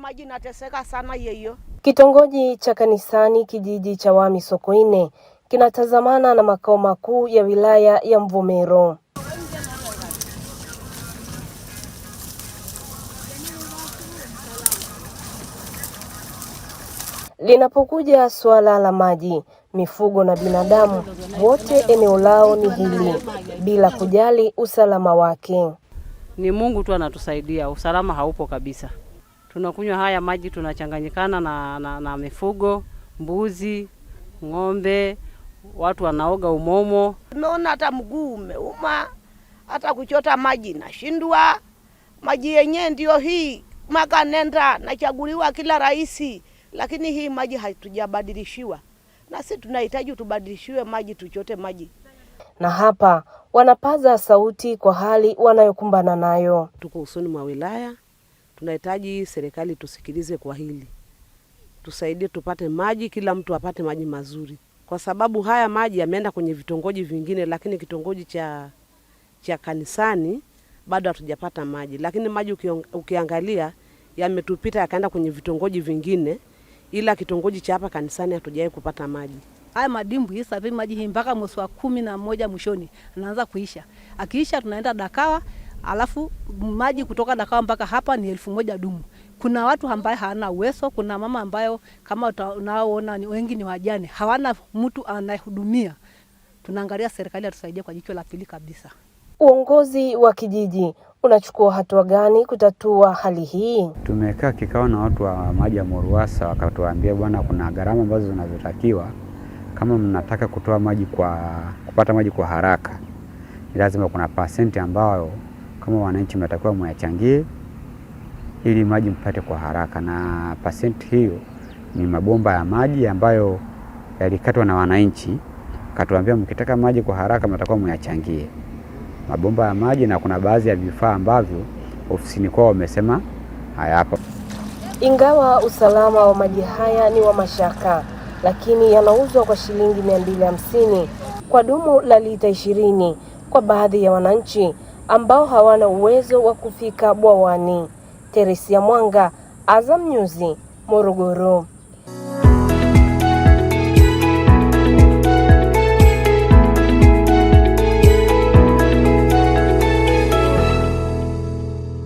maji inateseka sana yeyo. Kitongoji cha Kanisani kijiji cha Wami Sokoine kinatazamana na makao makuu ya wilaya ya Mvomero. Linapokuja suala la maji, mifugo na binadamu wote, eneo lao ni hili, bila kujali usalama wake. Ni Mungu tu anatusaidia, usalama haupo kabisa tunakunywa haya maji, tunachanganyikana na, na, na mifugo mbuzi, ng'ombe, watu wanaoga umomo. Tumeona hata mguu umeuma, hata kuchota maji nashindwa. Maji yenyewe ndiyo hii maka nenda nachaguliwa kila rais, lakini hii maji hatujabadilishiwa, na si tunahitaji tubadilishiwe maji, tuchote maji. Na hapa wanapaza sauti kwa hali wanayokumbana nayo. Tuko usoni mwa wilaya tunahitaji serikali tusikilize kwa hili, tusaidie tupate maji, kila mtu apate maji mazuri, kwa sababu haya maji yameenda kwenye vitongoji vingine, lakini kitongoji cha, cha kanisani bado hatujapata maji, lakini maji ukiangalia yametupita yakaenda kwenye vitongoji vingine, ila kitongoji cha hapa kanisani hatujawahi kupata maji. Haya madimbu hii safiri maji hii mpaka mwezi wa kumi na moja mwishoni anaanza kuisha, akiisha tunaenda Dakawa alafu maji kutoka Dakawa mpaka hapa ni elfu moja dumu. Kuna watu ambaye hawana uwezo, kuna mama ambayo kama unaoona wengi ni wajane, hawana mtu anayehudumia. Tunaangalia serikali atusaidie kwa jicho la pili kabisa. Uongozi wa kijiji unachukua hatua gani kutatua hali hii? Tumekaa kikao na watu wa maji ya moruasa wakatuambia bwana, kuna gharama ambazo zinazotakiwa kama mnataka kutoa maji kwa kupata maji kwa haraka, ni lazima kuna pasenti ambayo kama wananchi mnatakiwa muyachangie ili maji mpate kwa haraka, na pasenti hiyo ni mabomba ya maji ambayo yalikatwa na wananchi, katuambia mkitaka maji kwa haraka mnatakiwa muyachangie mabomba ya maji, na kuna baadhi ya vifaa ambavyo ofisini kwao wamesema hayapo. Ingawa usalama wa maji haya ni wa mashaka, lakini yanauzwa kwa shilingi mia mbili hamsini kwa dumu la lita ishirini kwa baadhi ya wananchi ambao hawana uwezo wa kufika bwawani. Teresia Mwanga, Azam News, Morogoro.